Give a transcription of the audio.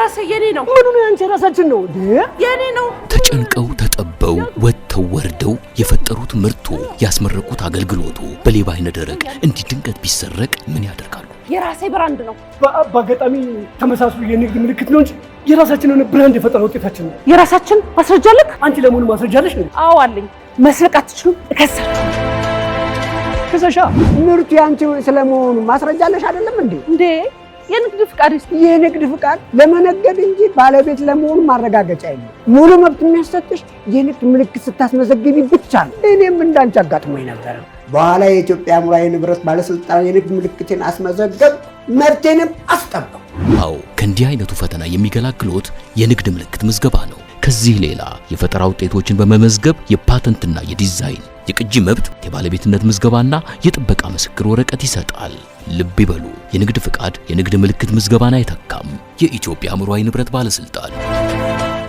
ራሴ የኔ ነው። ምኑ ነው ያንቺ? የራሳችን ነው የኔ ነው። ተጨንቀው ተጠበው ወጥተው ወርደው የፈጠሩት ምርቱ ያስመረቁት አገልግሎቱ በሌባ አይነ ደረቅ እንዲህ ድንገት ቢሰረቅ ምን ያደርጋሉ? የራሴ ብራንድ ነው። በአጋጣሚ ተመሳስሉ የንግድ ምልክት ነው እንጂ የራሳችን የሆነ ብራንድ የፈጠረ ውጤታችን ነው። የራሳችን ማስረጃ አለክ? አንቺ ለመሆኑ ማስረጃ አለሽ? ነው አዎ አለኝ። መስረቅ አትችሉም። እከሳችሁ ክሰሻ ምርቱ ያንቺ ስለመሆኑ ማስረጃ አለሽ አይደለም እንዴ? እንዴ የንግድ ፍቃድ ስ የንግድ ፍቃድ ለመነገድ እንጂ ባለቤት ለመሆኑ ማረጋገጫ የለ። ሙሉ መብት የሚያሰጥሽ የንግድ ምልክት ስታስመዘግቢ ብቻ ነው። እኔም እንዳንቺ አጋጥሞኝ ነበረ። በኋላ የኢትዮጵያ ሙራዊ ንብረት ባለስልጣን የንግድ ምልክቴን አስመዘገብ፣ መብቴንም አስጠበቁ። አዎ ከእንዲህ አይነቱ ፈተና የሚገላግሎት የንግድ ምልክት ምዝገባ ነው። ከዚህ ሌላ የፈጠራ ውጤቶችን በመመዝገብ የፓተንትና የዲዛይን የቅጂ መብት፣ የባለቤትነት ምዝገባና የጥበቃ ምስክር ወረቀት ይሰጣል። ልብ ይበሉ፣ የንግድ ፍቃድ የንግድ ምልክት ምዝገባን አይተካም። የኢትዮጵያ አእምሯዊ ንብረት ባለስልጣን